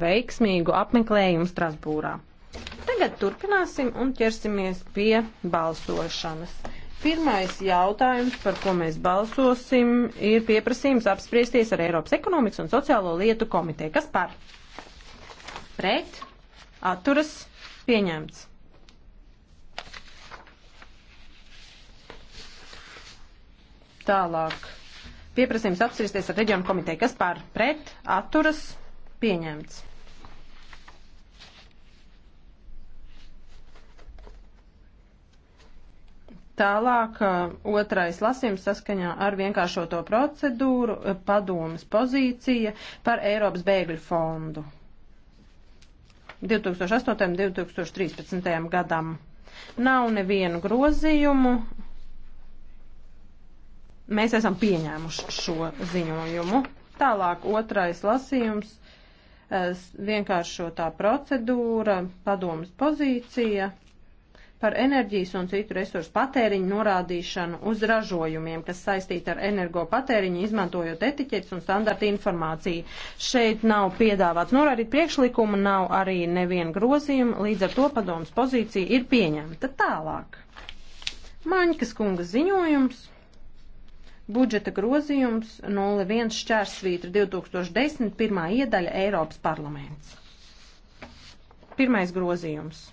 veiksmīgu apmeklējumu Strasbūrā. Tagad turpināsim un ķersimies pie balsošanas. Pirmais jautājums, par ko mēs balsosim, ir pieprasījums apspriesties ar Eiropas ekonomikas un sociālo lietu komiteju. Kas par? Pret? Atturas? Pieņemts. Tālāk. Pieprasījums apspriesties ar reģionu komiteju. Kas par? Pret? Atturas? Pieņemts. Tālāk otrais lasījums saskaņā ar vienkāršoto procedūru padomas pozīcija par Eiropas bēgļu fondu 2008. un 2013. gadam. Nav nevienu grozījumu. Mēs esam pieņēmuši šo ziņojumu. Tālāk otrais lasījums vienkāršotā procedūra, padomas pozīcija par enerģijas un citu resursu patēriņu norādīšanu uz ražojumiem, kas saistīti ar energo patēriņu, izmantojot etiķetes un standarta informāciju. Šeit nav piedāvāts norādīt priekšlikumu, nav arī neviena grozījuma, līdz ar to padomas pozīcija ir pieņemta. Tālāk. Maņkas kunga ziņojums. Budžeta grozījums 01 šķērsvītra 2010. pirmā iedaļa Eiropas parlaments. Pirmais grozījums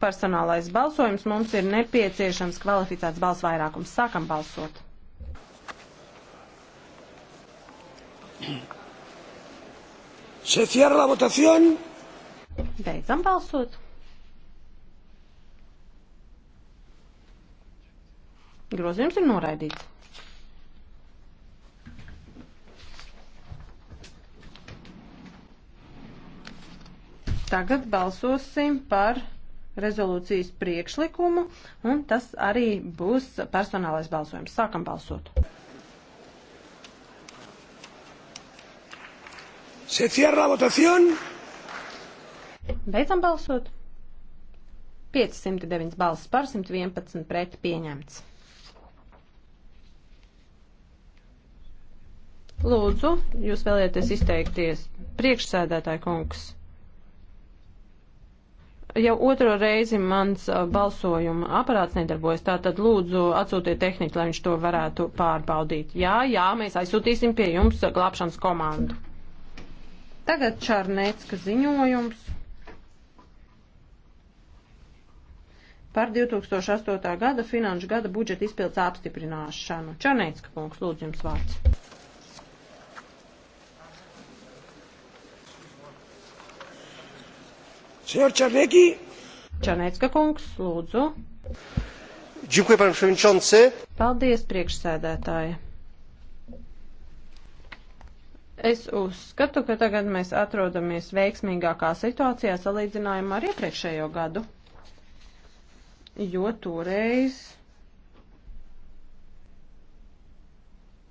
personālais balsojums. Mums ir nepieciešams kvalificēts balss vairākums. Sākam balsot. Se cierra la votación. Beidzam balsot. Grozījums ir noraidīts. Tagad balsosim par rezolūcijas priekšlikumu, un tas arī būs personālais balsojums. Sākam balsot. Se cierra votación. Beidzam balsot. 509 balsis par, 111 pret pieņemts. Lūdzu, jūs vēlieties izteikties priekšsēdētāja kungs jau otro reizi mans uh, balsojuma aparāts nedarbojas, tātad lūdzu atsūtiet tehniku, lai viņš to varētu pārbaudīt. Jā, jā, mēs aizsūtīsim pie jums uh, glābšanas komandu. Tagad Čārnēcka ziņojums par 2008. gada finanšu gada budžeta izpildes apstiprināšanu. Čārnēcka kungs, lūdzu jums vārds. Čarnēcka kungs, lūdzu. Dziękuję, panie przewodniczący. Paldies, priekšsēdētāji. Es uzskatu, ka tagad mēs atrodamies veiksmīgākā situācijā salīdzinājumā ar iepriekšējo gadu, jo toreiz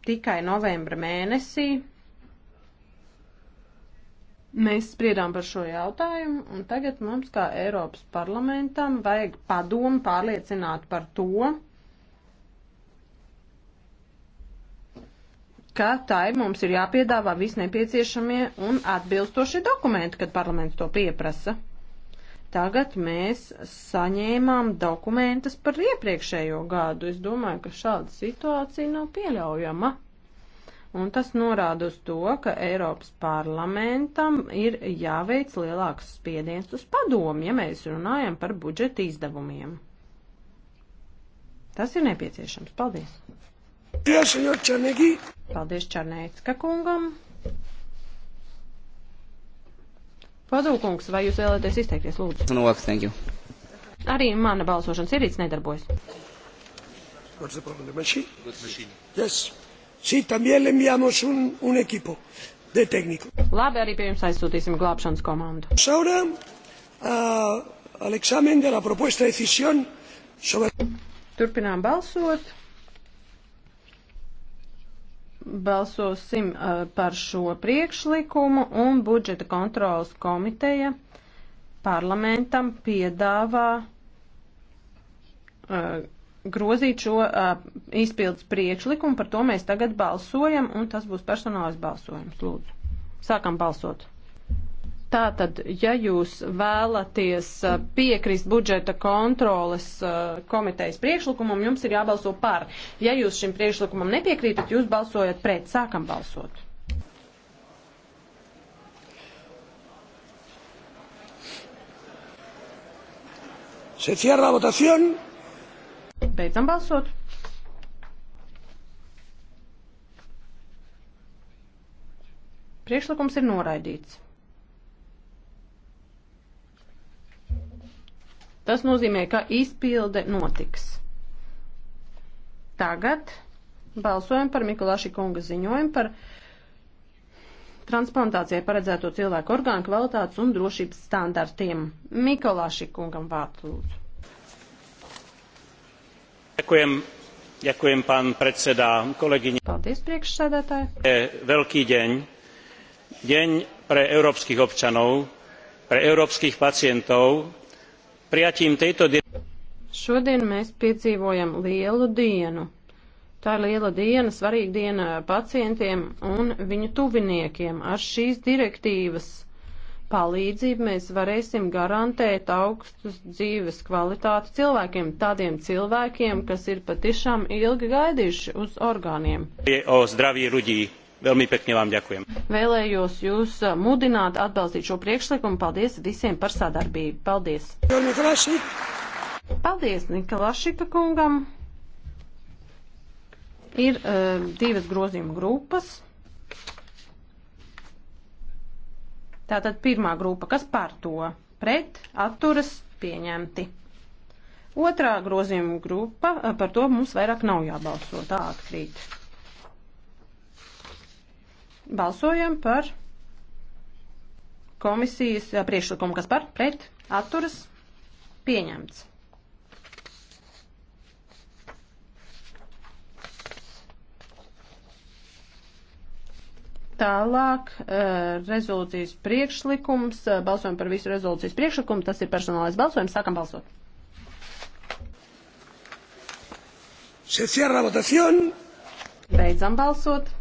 tikai novembra mēnesī Mēs spriedām par šo jautājumu, un tagad mums, kā Eiropas parlamentam, vajag padomu pārliecināt par to, ka tai mums ir jāpiedāvā visi nepieciešamie un atbilstošie dokumenti, kad parlaments to pieprasa. Tagad mēs saņēmām dokumentus par iepriekšējo gadu. Es domāju, ka šāda situācija nav pieļaujama. Un tas norāda uz to, ka Eiropas parlamentam ir jāveic lielāks spiediens uz padomu, ja mēs runājam par budžeta izdevumiem. Tas ir nepieciešams. Paldies! Jā, senjor Čarnēgi! Paldies Čarnēcka kungam! Padūkungs, vai jūs vēlaties izteikties, lūdzu? No works, thank you. Arī mana balsošanas ierīce nedarbojas. What's the problem? The machine? The machine. Yes. Sí, también le enviamos un, un equipo de técnico. Labi, arī pie jums aizsūtīsim glābšanas komandu. Ahora, uh, al examen de la propuesta de decisión sobre... Turpinām balsot. Balsosim uh, par šo priekšlikumu un budžeta kontrolas komiteja parlamentam piedāvā uh, grozīt šo uh, izpildus priekšlikumu, par to mēs tagad balsojam, un tas būs personālais balsojums. Lūdzu, sākam balsot. Tātad, ja jūs vēlaties uh, piekrist budžeta kontroles uh, komitejas priekšlikumam, jums ir jābalso par. Ja jūs šim priekšlikumam nepiekrītat, jūs balsojat pret. Sākam balsot. Se cierra la votación. Beidzam balsot. Priekšlikums ir noraidīts. Tas nozīmē, ka izpilde notiks. Tagad balsojam par Mikulāši kunga ziņojumu par transplantācijai paredzēto cilvēku orgānu kvalitātes un drošības standartiem. Mikulāši kungam vārds lūdzu. Paldies, priekšsēdētāji. Veľký deň. Deň pre európskych občanov, pre európskych pacientov. Prijatím tejto... Šodien mēs piedzīvojam lielu dienu. Tā ir liela diena, svarīga diena pacientiem un viņu tuviniekiem. Ar šīs direktīvas palīdzību mēs varēsim garantēt augstus dzīves kvalitāti cilvēkiem, tādiem cilvēkiem, kas ir patiešām ilgi gaidījuši uz orgāniem. O zdravī ruģī. Vēlmi pekņi vām ďakujem. Vēlējos jūs eh, mudināt atbalstīt šo priekšlikumu. Paldies visiem par sadarbību. Paldies. Paldies Nikolašika kungam. Ir uh, divas grozījuma grupas. Tātad pirmā grupa, kas par to pret atturas pieņemti. Otrā grozījuma grupa, eh, par to mums vairāk nav jābalso, tā atkrīt. Balsojam par komisijas eh, priekšlikumu, kas par pret atturas pieņemts. Tālāk eh, rezolūcijas priekšlikums, eh, balsojam par visu rezolūcijas priekšlikumu, tas ir personālais balsojums, sākam balsot. Se cierra votación. Beidzam balsot.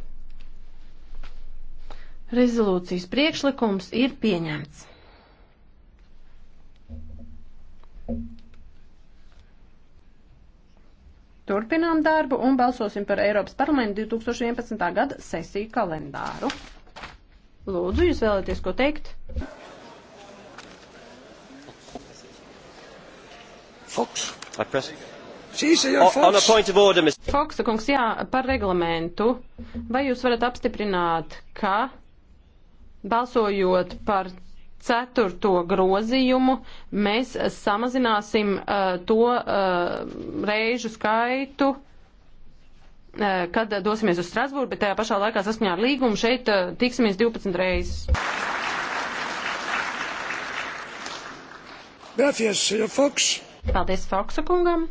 Rezolūcijas priekšlikums ir pieņemts. Turpinām darbu un balsosim par Eiropas parlamentu 2011. gada sesiju kalendāru. Lūdzu, jūs vēlaties ko teikt? Fox, I press. Oh, Foksa kungs, jā, par reglamentu. Vai jūs varat apstiprināt, ka balsojot par ceturto grozījumu mēs samazināsim uh, to uh, reižu skaitu, uh, kad dosimies uz Strasbūru, bet tajā pašā laikā saskaņā ar līgumu šeit uh, tiksimies 12 reizes. Gracias, señor Fox. Paldies Foksa kungam.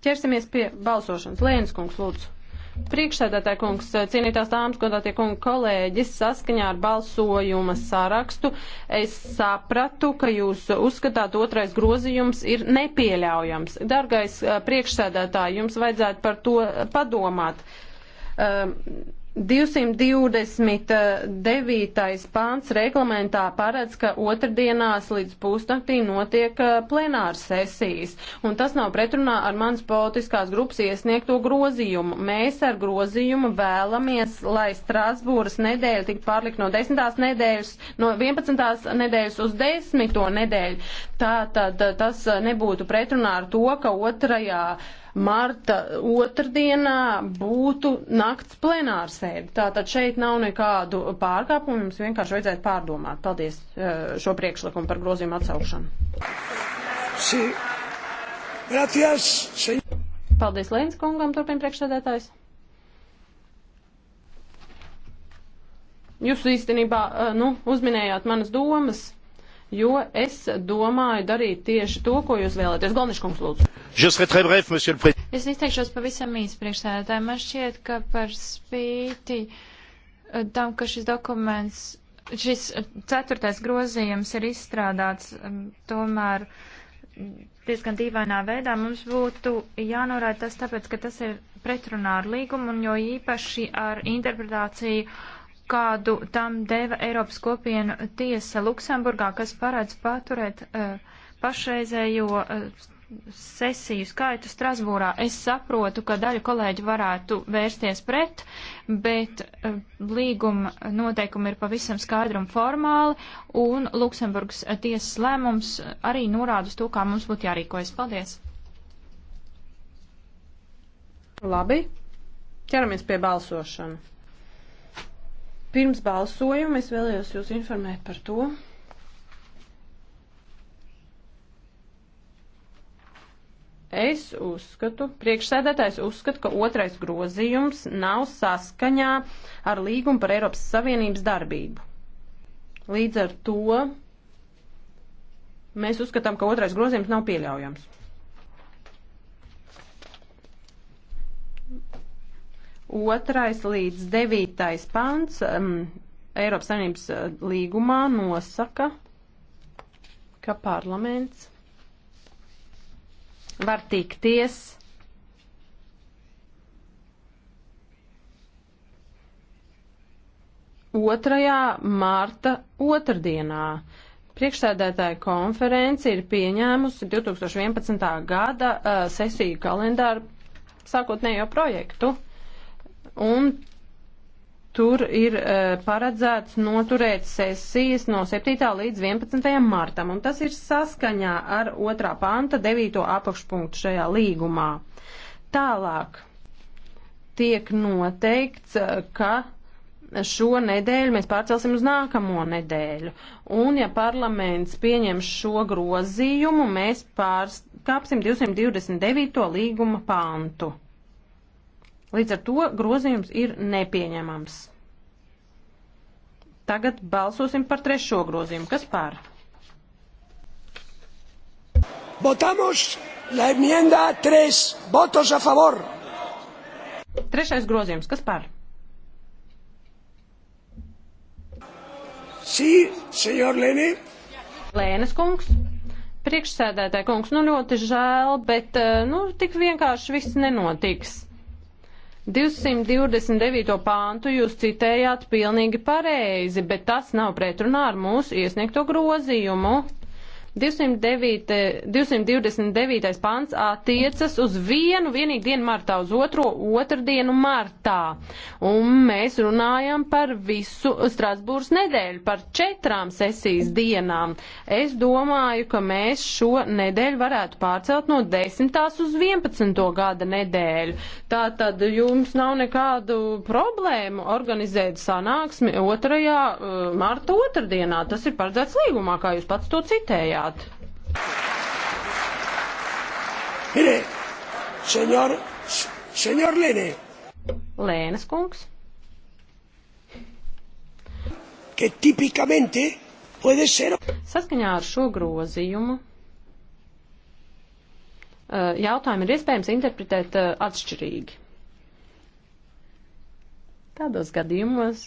Ķersimies pie balsošanas. Lēns kungs, lūdzu. Priekšsēdētāja kungs, cienītās dāmas, godātie kungi, kolēģis, saskaņā ar balsojuma sarakstu, es sapratu, ka jūs uzskatāt otrais grozījums ir nepieļaujams. Dargais eh, priekšsēdētāji, jums vajadzētu par to eh, padomāt. Um, 229. pāns reglamentā paredz, ka otrdienās līdz pusnaktī notiek plenāras sesijas, un tas nav pretrunā ar mans politiskās grupas iesniegto grozījumu. Mēs ar grozījumu vēlamies, lai Strasbūras nedēļa tik pārlikt no 10. nedēļas, no 11. nedēļas uz 10. nedēļu. Tā tad tas nebūtu pretrunā ar to, ka otrajā marta otrdienā būtu nakts plenārsēde. Tātad šeit nav nekādu pārkāpumu, jums vienkārši vajadzētu pārdomāt. Paldies eh, šo priekšlikumu par grozījumu atsaukšanu. Sí. Gracias, sí. Paldies Lēns kungam, turpina priekšsēdētājs. Jūs īstenībā, eh, nu, uzminējāt manas domas jo es domāju darīt tieši to, ko jūs vēlaties. Galniškungs, lūdzu. Bref, es izteikšos pavisam īsi priekšsēdētāji. Man šķiet, ka par spīti eh, tam, ka šis dokuments, šis eh, ceturtais grozījums ir izstrādāts, mm, tomēr mm, diezgan dīvainā veidā mums būtu jānorāda tas tāpēc, ka tas ir pretrunā ar līgumu un jo īpaši ar interpretāciju kādu tam deva Eiropas kopienu tiesa Luksemburgā, kas paredz paturēt uh, pašreizējo uh, sesiju skaitu Strasbūrā. Es saprotu, ka daļa kolēģi varētu vērsties pret, bet uh, līguma noteikumi ir pavisam skaidri un formāli, un Luksemburgas tiesas lēmums arī norāda uz to, kā mums būtu jārīkojas. Paldies! Labi, ķeramies pie balsošana. Pirms balsojuma es vēlējos jūs informēt par to, Es uzskatu, priekšsēdētājs uzskata, ka otrais grozījums nav saskaņā ar līgumu par Eiropas Savienības darbību. Līdz ar to mēs uzskatām, ka otrais grozījums nav pieļaujams. Otrais līdz devītais pants um, Eiropas Savienības uh, līgumā nosaka, ka parlaments var tikties otrajā mārta otrdienā. Priekšsēdētāja konference ir pieņēmusi 2011. gada uh, sesiju kalendāru sākotnējo projektu un tur ir uh, paredzēts noturēt sesijas no 7. līdz 11. martam, un tas ir saskaņā ar 2. panta 9. apakšpunktu šajā līgumā. Tālāk tiek noteikts, e, ka šo nedēļu mēs pārcelsim uz nākamo nedēļu, un ja parlaments pieņems šo grozījumu, mēs pārkāpsim 229. līguma pantu. Līdz ar to grozījums ir nepieņemams. Tagad balsosim par trešo grozījumu. Kas pār? Votamos la enmienda 3. Votos a favor. Trešais grozījums. Kas pār? Sí, señor Lene. Lēnes kungs. Priekšsēdētāja kungs, nu ļoti žēl, bet eh, nu, tik vienkārši viss nenotiks. 229. pāntu jūs citējāt pilnīgi pareizi, bet tas nav pretrunā ar mūsu iesniegto grozījumu. 209, 229. pants attiecas uz vienu vienīgu dienu martā, uz otro otrdienu martā. Un mēs runājam par visu Strasbūras nedēļu, par četrām sesijas dienām. Es domāju, ka mēs šo nedēļu varētu pārcelt no 10. uz 11. gada nedēļu. Tātad jums nav nekādu problēmu organizēt sanāksmi 2. Uh, marta otrdienā. Tas ir paredzēts līgumā, kā jūs pats to citējāt sekretariātu. Mire, senjor, senjor Lene. Lēnas kungs. Que tipicamente puede ser. Saskaņā ar šo grozījumu eh, jautājumu ir iespējams interpretēt eh, atšķirīgi. Tādos gadījumos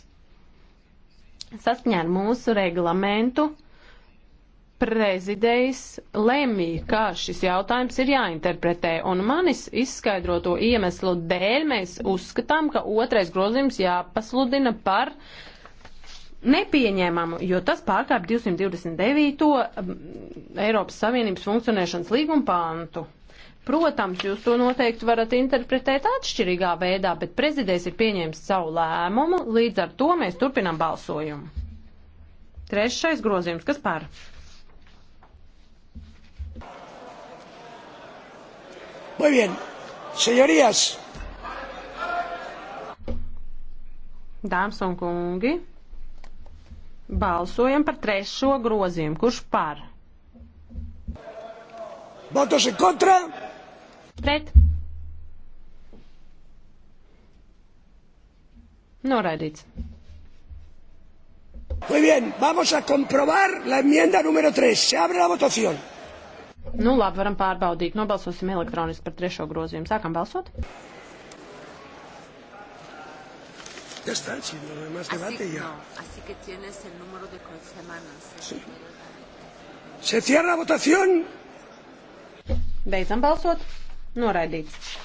saskaņā ar mūsu reglamentu prezidējs lemj, kā šis jautājums ir jāinterpretē, un manis izskaidroto iemeslu dēļ mēs uzskatām, ka otrais grozījums jāpasludina par nepieņēmamu, jo tas pārkāp 229. Um, Eiropas Savienības funkcionēšanas līguma pāntu. Protams, jūs to noteikti varat interpretēt atšķirīgā veidā, bet prezidents ir pieņēmis savu lēmumu, līdz ar to mēs turpinām balsojumu. Trešais grozījums, kas par? Muy bien. Señorías. Dāmas un kungi, balsojam par trešo grozījumu. Kurš par? Votos en contra. Pret. Noraidīts. Muy bien, vamos a comprobar la enmienda número 3. Se abre la votación. Nu, labi, varam pārbaudīt. Nobalsosim elektroniski par trešo grozījumu. Sākam balsot. Ya está, si no hay más debate así, ya. No, así que tienes el número de semanas. Eh. Sí. Se cierra la votación. Beidzam balsot. Noraidīts.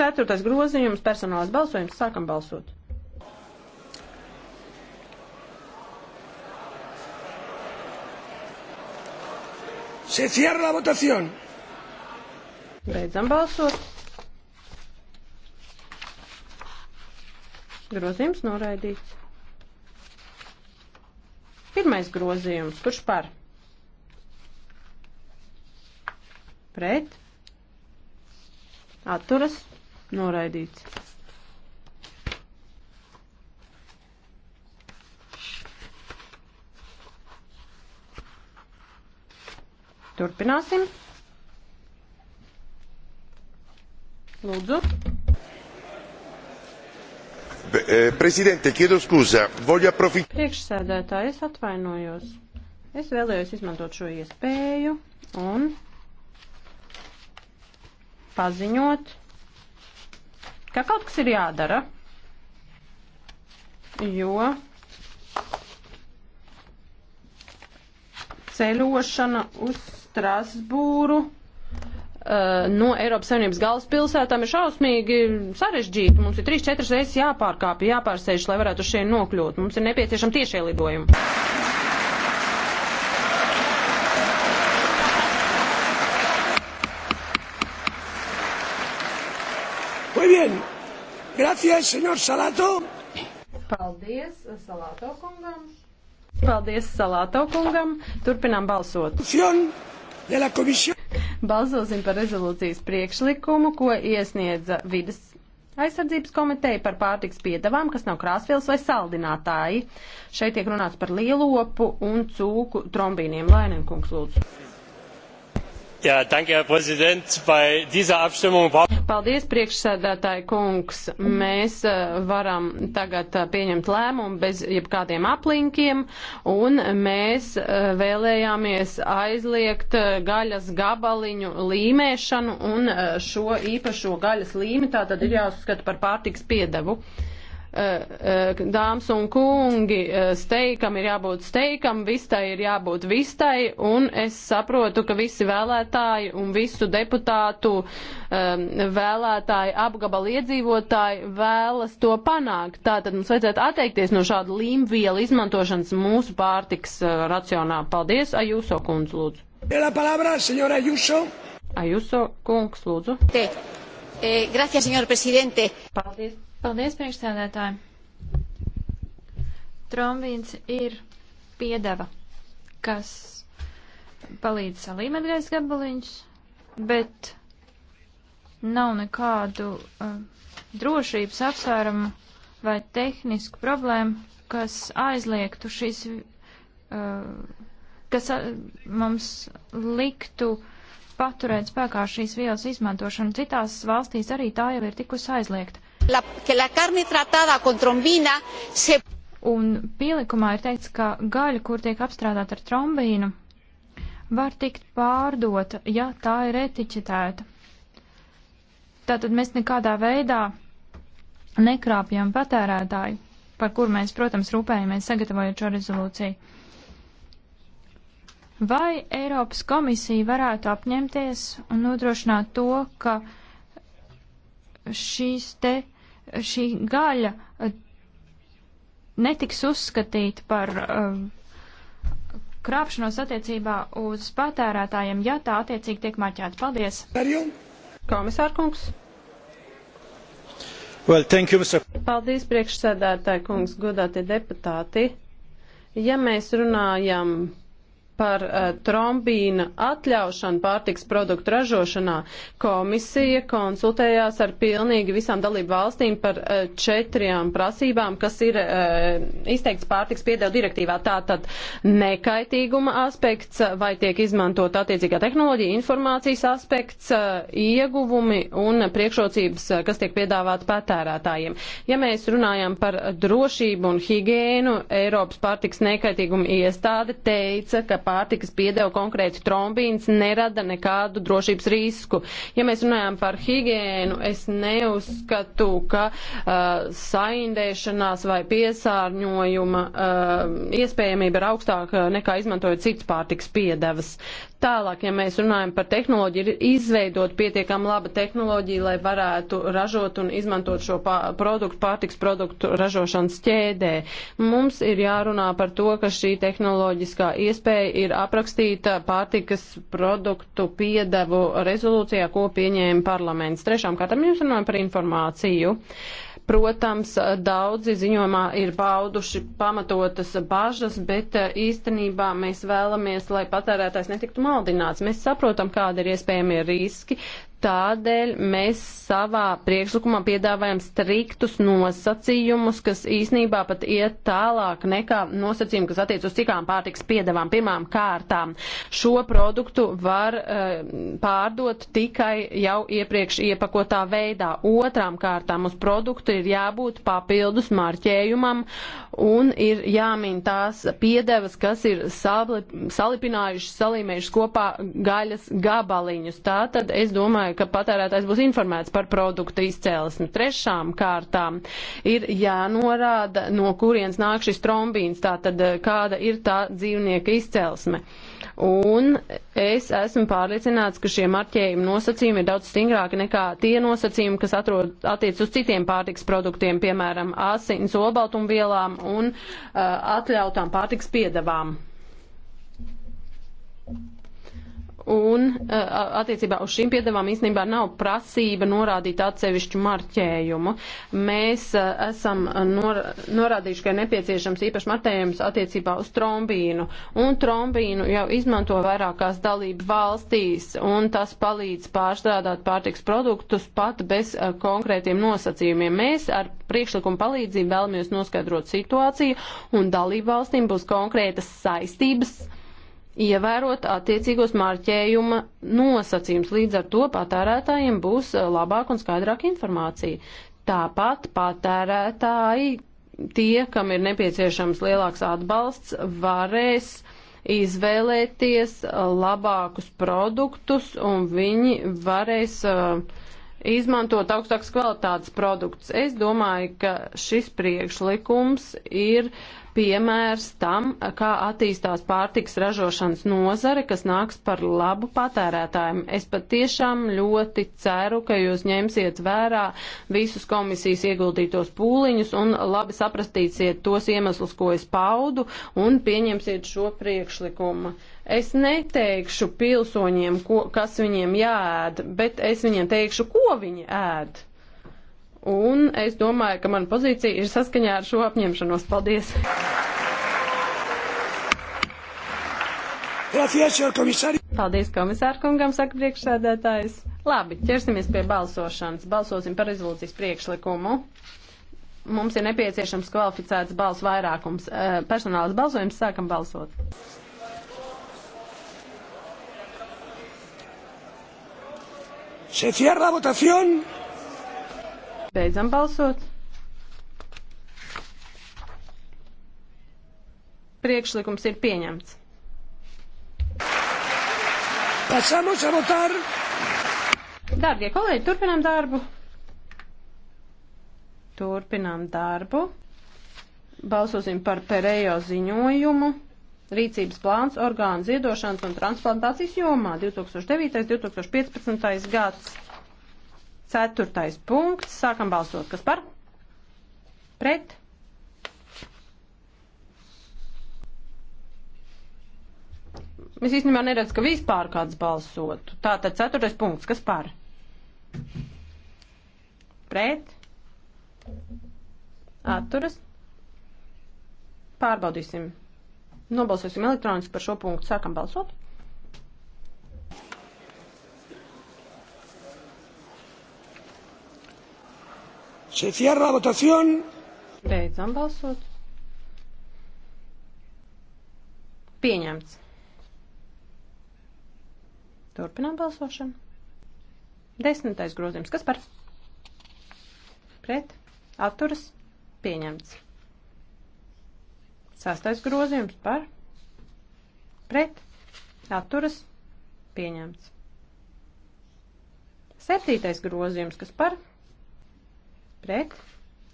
Ceturtais grozījums - personālais balsojums. Sākam balsot. Se cierra la votación. Beidzam balsot. Grozījums noraidīts. Pirmais grozījums. Kurš par? Pret. Atturas. Noraidīts. Turpināsim. Lūdzu. Eh, Prezidente, chiedo scusa, voglio approfittare. Priekšsēdētāji, es atvainojos. Es vēlējos izmantot šo iespēju un paziņot, ka kaut kas ir jādara, jo ceļošana uz Strasbūru uh, no Eiropas Savienības galvaspilsētām ir šausmīgi sarežģīti. Mums ir 3-4 reizes jāpārkāpja, jāpārsēž, lai varētu uz šiem nokļūt. Mums ir nepieciešami tiešie lidojumi. Muy bien. Gracias, señor Salato. Paldies, Salato kungam. Paldies, Salato kungam. Turpinām balsot. Cion. Balsosim par rezolūcijas priekšlikumu, ko iesniedza vidas aizsardzības komiteja par pārtiks piedavām, kas nav krāsvielas vai saldinātāji. Šeit tiek runāts par lielopu un cūku trombīniem. Lainien kungs lūdzu. Ja, danke, Herr Präsident. Bei dieser Abstimmung braucht Paldies, priekšsēdētāji kungs. Mēs eh, varam tagad eh, pieņemt lēmumu bez jebkādiem aplinkiem, un mēs eh, vēlējāmies aizliegt gaļas gabaliņu līmēšanu, un šo īpašo gaļas līmi tātad ir jāuzskata par pārtiks piedevu. Eh, eh, dāmas un kungi, eh, steikam ir jābūt steikam, vistai ir jābūt vistai, un es saprotu, ka visi vēlētāji un visu deputātu vēlētāji, apgabali iedzīvotāji vēlas to panākt. Tātad mums vajadzētu atteikties no šāda līmvielu izmantošanas mūsu pārtiks racionā. Paldies, Ajuso kundz, lūdzu. Ajuso kungs, lūdzu. Te. Eh, gracias, señor presidente. Paldies. Paldies, priekšsēdētāji. Trombīns ir piedeva, kas palīdz salīmedreiz gabaliņus, bet nav nekādu uh, drošības apsvērumu vai tehnisku problēmu, kas aizliegtu šīs, uh, kas uh, mums liktu paturēt spēkā šīs vielas izmantošanu. Citās valstīs arī tā jau ir tikusi aizliegta la, que la carne tratada con trombina se. Un pielikumā ir teikts, ka gaļa, kur tiek apstrādāta ar trombīnu, var tikt pārdota, ja tā ir etiķetēta. Tātad mēs nekādā veidā nekrāpjam patērētāju, par kur mēs, protams, rūpējamies sagatavojot šo rezolūciju. Vai Eiropas komisija varētu apņemties un nodrošināt to, ka šīs te uh, šī gaļa eh, netiks uzskatīta par eh, krāpšanos attiecībā uz patērētājiem, ja tā attiecīgi tiek maķēta. Paldies! Komisārkungs! Well, thank you, Mr. Paldies, priekšsēdētāji kungs, godātie deputāti! Ja mēs runājam par uh, trombīna atļaušanu pārtiks produktu ražošanā, komisija konsultējās ar pilnīgi visām dalību valstīm par uh, eh, četrajām prasībām, kas ir uh, izteikts pārtiks piedevu direktīvā. Tātad nekaitīguma aspekts, vai tiek izmantot attiecīgā tehnoloģija, informācijas aspekts, uh, ieguvumi un priekšrocības, uh, kas tiek piedāvāt patērētājiem. Ja mēs runājam par drošību un higiēnu, Eiropas pārtiks nekaitīguma iestāde teica, ka pārtikas piedeva konkrēti trombīns, nerada nekādu drošības risku. Ja mēs runājam par higiēnu, es neuzskatu, ka uh, saindēšanās vai piesārņojuma uh, iespējamība ir augstāka uh, nekā izmantojot citas pārtikas piedevas. Tālāk, ja mēs runājam par tehnoloģiju, ir izveidot pietiekam laba tehnoloģija, lai varētu ražot un izmantot šo pār, produktu, pārtiks produktu ražošanas ķēdē. Mums ir jārunā par to, ka šī tehnoloģiskā iespēja ir aprakstīta pārtikas produktu piedevu rezolūcijā, ko pieņēma parlaments. Trešām kārtām jums runājam par informāciju. Protams, daudzi ziņojumā ir pauduši pamatotas bažas, bet eh, īstenībā mēs vēlamies, lai patērētājs netiktu maldināts. Mēs saprotam, kāda ir iespējamie riski, Tādēļ mēs savā priekšlikumā piedāvājam striktus nosacījumus, kas īsnībā pat iet tālāk nekā nosacījumi, kas attiec uz cikām pārtiks piedevām. Pirmām kārtām šo produktu var uh, pārdot tikai jau iepriekš iepakotā veidā. Otrām kārtām uz produktu ir jābūt papildus marķējumam un ir jāmin tās piedevas, kas ir salip, salipinājušas, salīmējušas kopā gaļas gabaliņus. Tātad es domāju, domāju, ka patērētājs būs informēts par produktu izcēlesmi. Trešām kārtām ir jānorāda, no kurienes nāk šis trombīns, tātad eh, kāda ir tā dzīvnieka izcēlesme. Un es esmu pārliecināts, ka šie marķējumi nosacījumi ir daudz stingrāki nekā tie nosacījumi, kas atrod, attiec uz citiem pārtiks produktiem, piemēram, asins obaltumvielām un uh, atļautām pārtiks piedavām. Un e, attiecībā uz šīm piedevām īstenībā nav prasība norādīt atsevišķu marķējumu. Mēs e, esam e, nor norādījuši, ka ir nepieciešams īpašs marķējums attiecībā uz trombīnu. Un trombīnu jau izmanto vairākās dalību valstīs, un tas palīdz pārstrādāt pārtiks produktus pat bez konkrētiem nosacījumiem. Mēs ar priekšlikumu palīdzību vēlamies noskaidrot situāciju, un dalību valstīm būs konkrētas saistības ievērot attiecīgos marķējuma nosacījums. Līdz ar to patērētājiem būs eh, labāk un skaidrāk informācija. Tāpat patērētāji, tie, kam ir nepieciešams lielāks atbalsts, varēs izvēlēties eh, labākus produktus un viņi varēs uh, izmantot augstākas kvalitātes produktus. Es domāju, ka šis priekšlikums ir uh, piemērs tam, kā attīstās pārtiks ražošanas nozare, kas nāks par labu patērētājiem. Es pat tiešām ļoti ceru, ka jūs ņemsiet vērā visus komisijas ieguldītos pūliņus un labi saprastīsiet tos iemeslus, ko es paudu, un pieņemsiet šo priekšlikumu. Es neteikšu pilsoņiem, ko, kas viņiem jāēd, bet es viņiem teikšu, ko viņi ēd. Un es domāju, ka mana pozīcija ir saskaņā ar šo apņemšanos. Paldies! Paldies komisārkungam, saka priekšsēdētājs. Labi, ķersimies pie balsošanas. Balsosim par rezolūcijas priekšlikumu mums ir nepieciešams kvalificēts balsu vairākums. Eh, personāls balsojums sākam balsot. Se cierra votación. Beidzam balsot. Priekšlikums ir pieņemts. Pasamos a votar. Dārgie kolēģi, turpinām darbu. Turpinām darbu. Balsosim par Perejo ziņojumu. Rīcības plāns orgānu ziedošanas un transplantācijas jomā 2009-2015 gads. Ceturtais punkts. Sākam balsot. Kas par? Pret. Es īstenībā neredzu, ka vispār kāds balsotu. Tātad ceturtais punkts. Kas par? Pret. Atturas. Pārbaudīsim. Nobalsosim elektroniski par šo punktu. Sākam balsot. Se cierra la votación. Beidzam balsot. Pieņemts. Turpinām balsošanu. Desmitais grozījums. Kas par? Pret. Atturas. Pieņemts. Sastais grozījums par. Pret. Atturas. Pieņemts. Septītais grozījums. Kas par? Pret pret,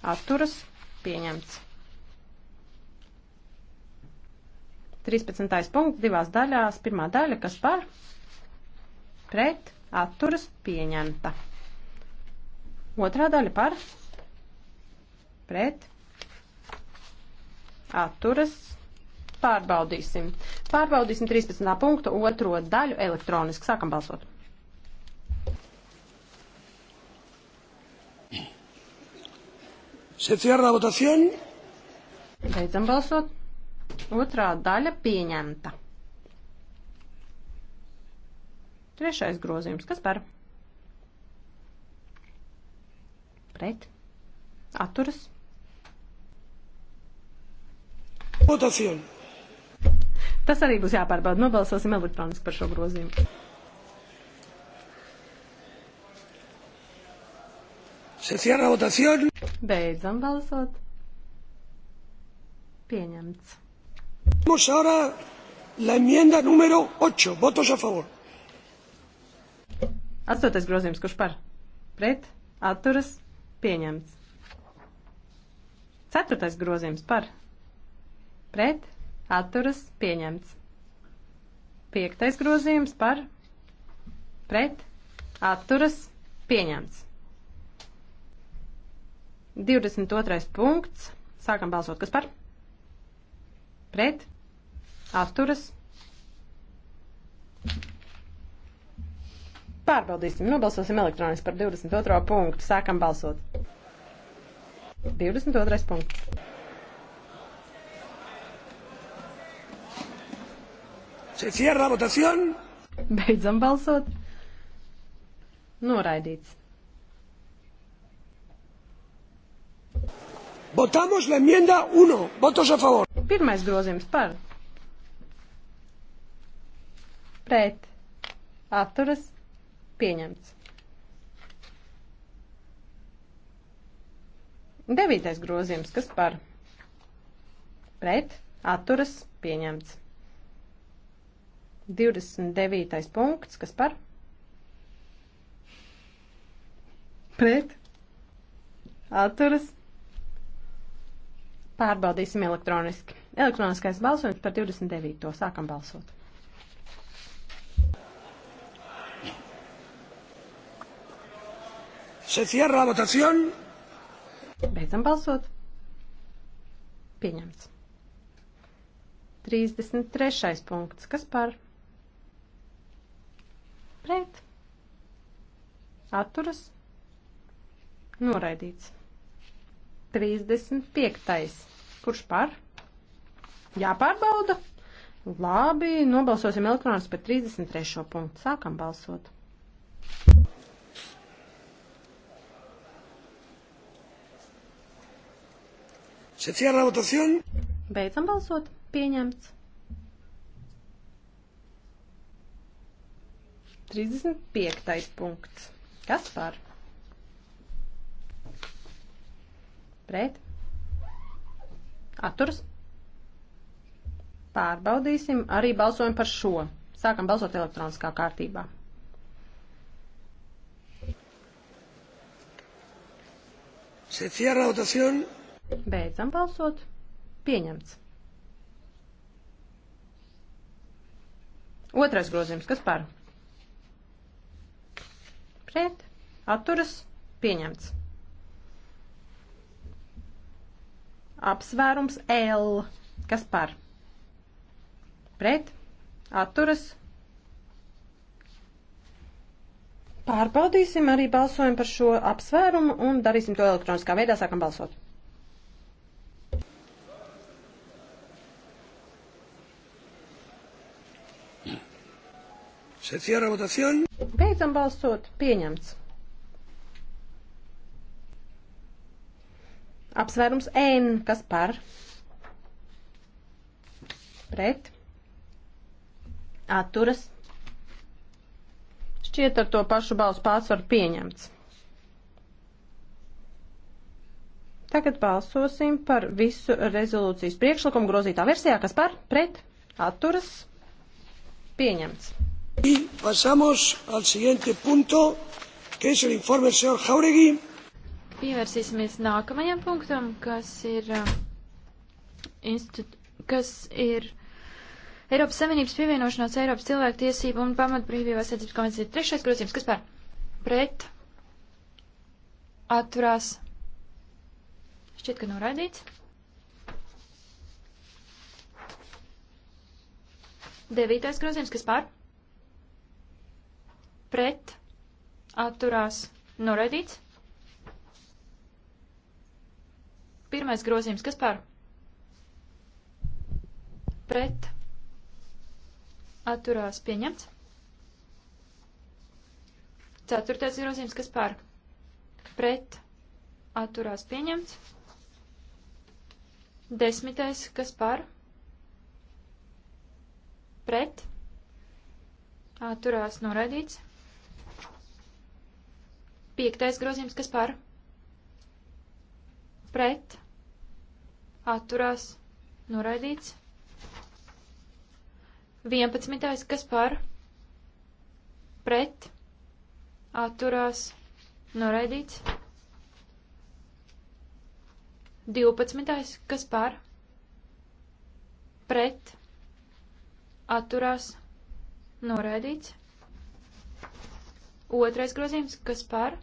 atturas, pieņemts. 13. punkts divās daļās. Pirmā daļa, kas par, pret, atturas, pieņemta. Otrā daļa par, pret, atturas, pārbaudīsim. Pārbaudīsim 13. punktu otro daļu elektroniski. Sākam balsot. Se cierra la votación. Beidzam balsot. Otrā daļa pieņemta. Trešais grozījums. Kas par? Pret. Atturas. Votacion. Tas arī būs jāpārbauda. Nobalsosim elektroniski par šo grozījumu. Se cierra votación. Beidzam balsot. Pieņemts. Vamos ahora la enmienda número 8. Votos a favor. Astotais grozījums, kurš par? Pret, atturas, pieņemts. Ceturtais grozījums par? Pret, atturas, pieņemts. Piektais grozījums par? Pret, atturas, pieņemts. 22. punkts. Sākam balsot. Kas par? Pret. Atturas. Pārbaudīsim. Nobalsosim elektroniski par 22. punktu. Sākam balsot. 22. punkts. Se cierra votación. Beidzam balsot. Noraidīts. Votamos la enmienda 1. Votos a favor. Pirmais grozījums par. Pret. Atturas. Pieņemts. Devītais grozījums. Kas par? Pret. Atturas. Pieņemts. 29. punkts. Kas par? Pret. Atturas Pārbaudīsim elektroniski. Elektroniskais balsojums par 29. Sākam balsot. Se cierra la votación. Beidzam balsot. Pieņemts. 33. punkts. Kas par? Pret. Atturas. Noraidīts. 35. Kurš par? Jāpārbauda. Labi, nobalsosim elektronisku par 33. punktu. Sākam balsot. Se cierra la votación. Beidzam balsot. Pieņemts. 35. punkts. Kas par? pret, atturs. Pārbaudīsim arī balsojumu par šo. Sākam balsot elektroniskā kārtībā. Se cierra votación. Beidzam balsot. Pieņemts. Otrais grozījums. Kas par? Pret. Atturas. Pieņemts. apsvērums L. Kas par? Pret? Atturas? Pārbaudīsim arī balsojumu par šo apsvērumu un darīsim to elektroniskā veidā. Sākam balsot. Beidzam balsot. Pieņemts. Apsvērums N, kas par pret atturas. Šķiet ar to pašu balsu pārsvaru pieņemts. Tagad balsosim par visu rezolūcijas priekšlikumu grozītā versijā, kas par pret atturas pieņemts. Y pasamos al siguiente punto, que es el informe del señor Jauregui Pievērsīsimies nākamajam punktam, kas ir, uh, institu, kas ir Eiropas Savienības pievienošanās Eiropas cilvēku tiesību un pamatbrīvību aizsardzības konvencija. Trešais grozījums, kas par pret atturās. Šķiet, ka noraidīts. Devītais grozījums, kas par pret atturās noraidīts. Pirmais grozījums, kas par? Pret. Atturās pieņemts. Ceturtais grozījums, kas par? Pret. Atturās pieņemts. Desmitais, kas par? Pret. Atturās noraidīts. Piektais grozījums, kas par? pret, atturās, noraidīts. 11. kas par, pret, atturās, noraidīts. 12. kas par, pret, atturās, noraidīts. Otrais grozījums, kas par,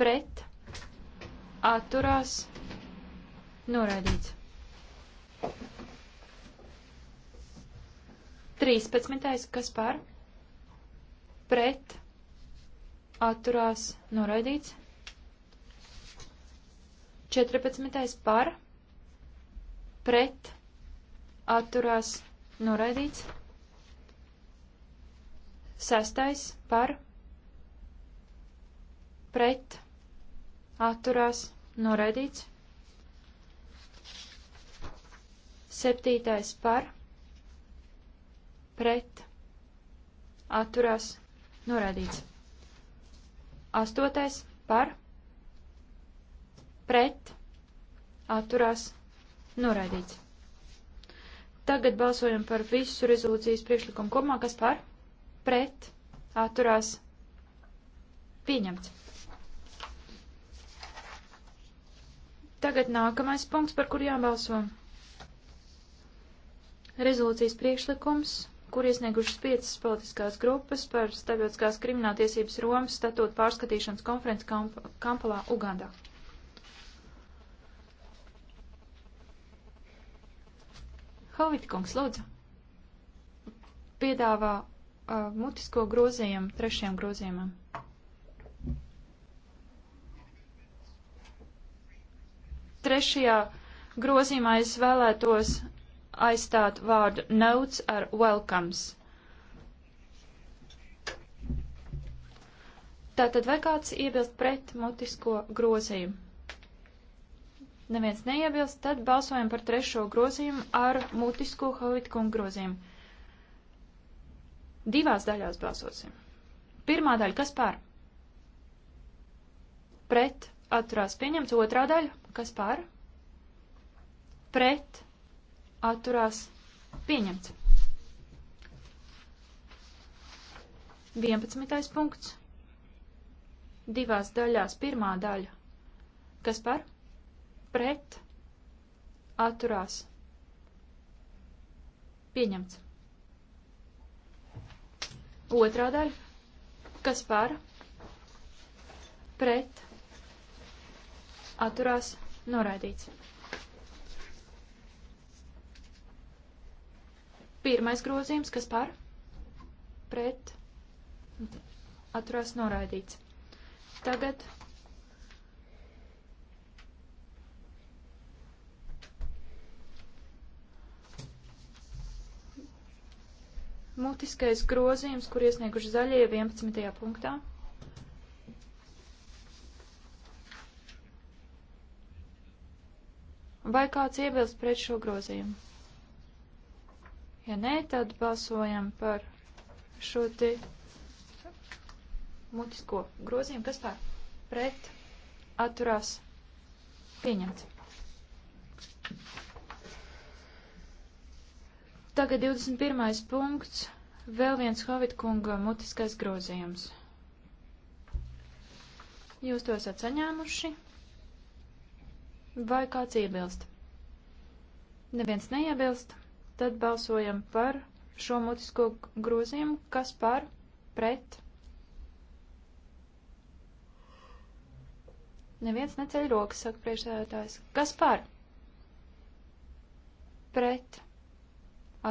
pret, atturās, noraidīts. 13. kas par, pret, atturās, noraidīts. 14. par, pret, atturās, noraidīts. 6. par, pret, atturās, noraidīts pret, atturās, noraidīts. Septītais par, pret, atturās, noraidīts. Astotais par, pret, atturās, noraidīts. Tagad balsojam par visu rezolūcijas priekšlikumu kopumā, kas par, pret, atturās, pieņemts. Tagad nākamais punkts, par kur jābalso. Rezolūcijas priekšlikums, kur iesniegušas piecas politiskās grupas par starptautiskās krimināltiesības Romas statūtu pārskatīšanas konferences kamp Kampalā, Ugandā. Hovitkungs, lūdzu, piedāvā uh, mutisko grozījumu trešajam grozījumam. Trešajā grozījumā es vēlētos aizstāt vārdu notes ar welcomes. Tātad vai kāds iebilst pret mutisko grozījumu? Neviens neiebilst, tad balsojam par trešo grozījumu ar mutisko Hovitkungu grozījumu. Divās daļās balsosim. Pirmā daļa, kas pār? Pret atturās pieņemts, otrā daļa Kas par? Pret. Atturās. Pieņemts. 11. punkts. Divās daļās pirmā daļa. Kas par? Pret. Atturās. Pieņemts. Otrā daļa. Kas par? Pret. Atturās. Noraidīts. Pirmais grozījums, kas par? Pret. Atturās noraidīts. Tagad. Mutiskais grozījums, kur iesnieguši zaļie 11. punktā. Vai kāds iebilst pret šo grozījumu? Ja nē, tad balsojam par šo te mutisko grozījumu, kas tā pret atturās pieņemts. Tagad 21. punkts, vēl viens Hovitkunga mutiskais grozījums. Jūs to esat saņēmuši. Vai kāds iebilst? Neviens neiebilst, tad balsojam par šo mutisko grozījumu, kas par pret. Neviens neceļ rokas, saka priekšsēdētājs. Kas par? Pret.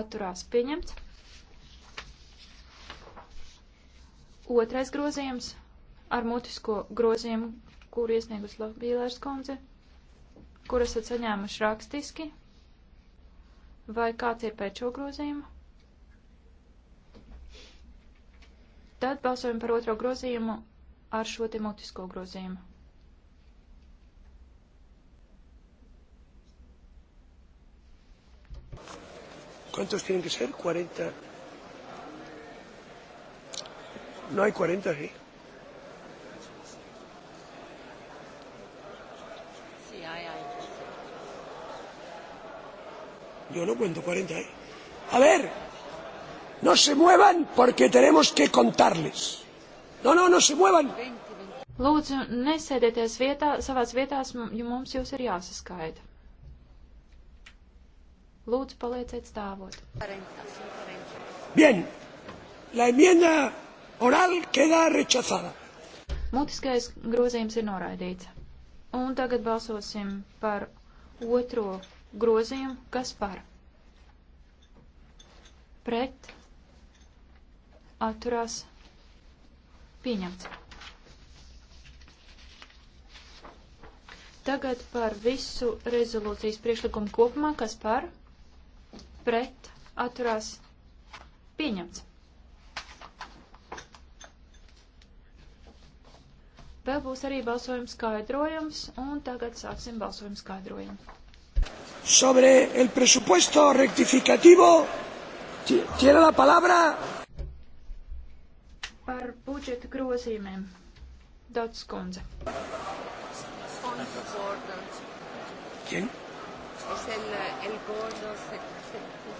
Atturās pieņemts. Otrais grozījums ar mutisko grozījumu, kur iesniegus Lavbīlērs kundze kur esat saņēmuši rakstiski, vai kāds ir pēc šo grozījumu. Tad balsojam par otro grozījumu ar šo te mutisko grozījumu. ¿Cuántos tienen que ser? 40. No hay 40, sí. yo no cuento cuarenta ¿eh? a ver no se muevan porque tenemos que contarles no no no se muevan Lūdzu, nesēdieties vietā, savās vietās, jo mums jūs ir jāsaskaita. Lūdzu, palieciet stāvot. Bien, la enmienda oral queda rechazada. Mutiskais grozījums ir noraidīts. Un tagad balsosim par otro grozījumu, kas par pret atturās pieņemts. Tagad par visu rezolūcijas priekšlikumu kopumā, kas par pret atturās pieņemts. Vēl būs arī balsojums skaidrojums, un tagad sāksim balsojumu skaidrojumu sobre el presupuesto rectificativo tiene la palabra par budžeta grozījumiem Dots kundze. ¿Quién? Es el, el gordo